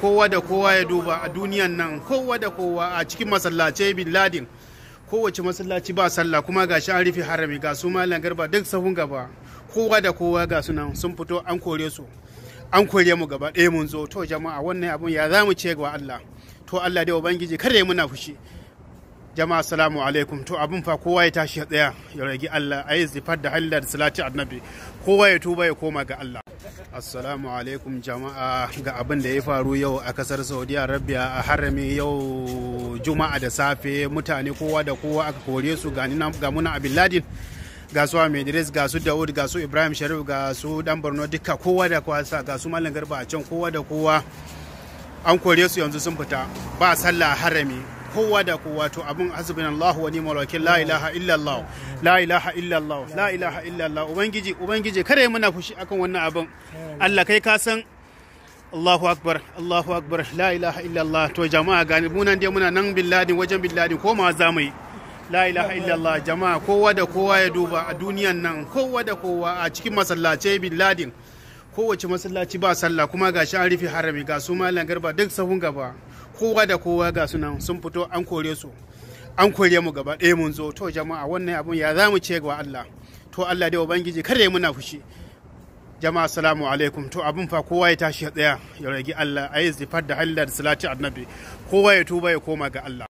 kowa da kowa ya duba a duniyan nan kowa da kowa a cikin masallacai bin ladin kowace masallaci ba sallah kuma ga shi an rufe harami ga su malam garba duk sahun gaba kowa da kowa ga nan, sun fito an kore su an kore mu gaba ɗaya mun zo to jama'a wannan abun ya za mu ce ga Allah to Allah dai ubangiji kada ya muna fushi jama'a assalamu alaikum to abun fa kowa ya tashi ya tsaya ya rage Allah ayi zifar da hallar salati annabi kowa ya tuba ya koma ga Allah assalamu alaikum jama'a ga abin da ya faru yau a kasar saudi arabia a harami yau juma'a da safe mutane kowa da kowa aka kore su ga muna abin ladin ga su Ahmed Idris ga su Dawud ga su Ibrahim Sharif ga su Dan Borno duka kowa da kowa ga su Malam Garba a can kowa da kowa an kore su yanzu sun fita ba sallah harami kowa da kowa to abin hasbina Allah wa ni'mal wakil la ilaha illallah la ilaha illallah la ilaha illallah ubangiji ubangiji kare muna fushi akan wannan abin Allah kai ka san Allahu akbar Allahu akbar la ilaha illallah to jama'a gani munan dai muna nan billadin wajen billadin ko ma zamai la ilaha illallah jama'a kowa da kowa ya duba a duniyan nan kowa da kowa a cikin masallace bin ladin kowace masallaci ba sallah kuma ga shi an rufe harami ga su malam garba duk sahun gaba kowa da kowa ga su nan sun fito an kore su an kore mu gaba ɗaya mun zo to jama'a wannan abun ya za mu ce ga Allah to Allah da ubangiji kada ya muna fushi jama'a assalamu alaikum to abun fa kowa ya tashi ya tsaya ya rage Allah ayi zifar da hallar salati annabi kowa ya tuba ya koma ga Allah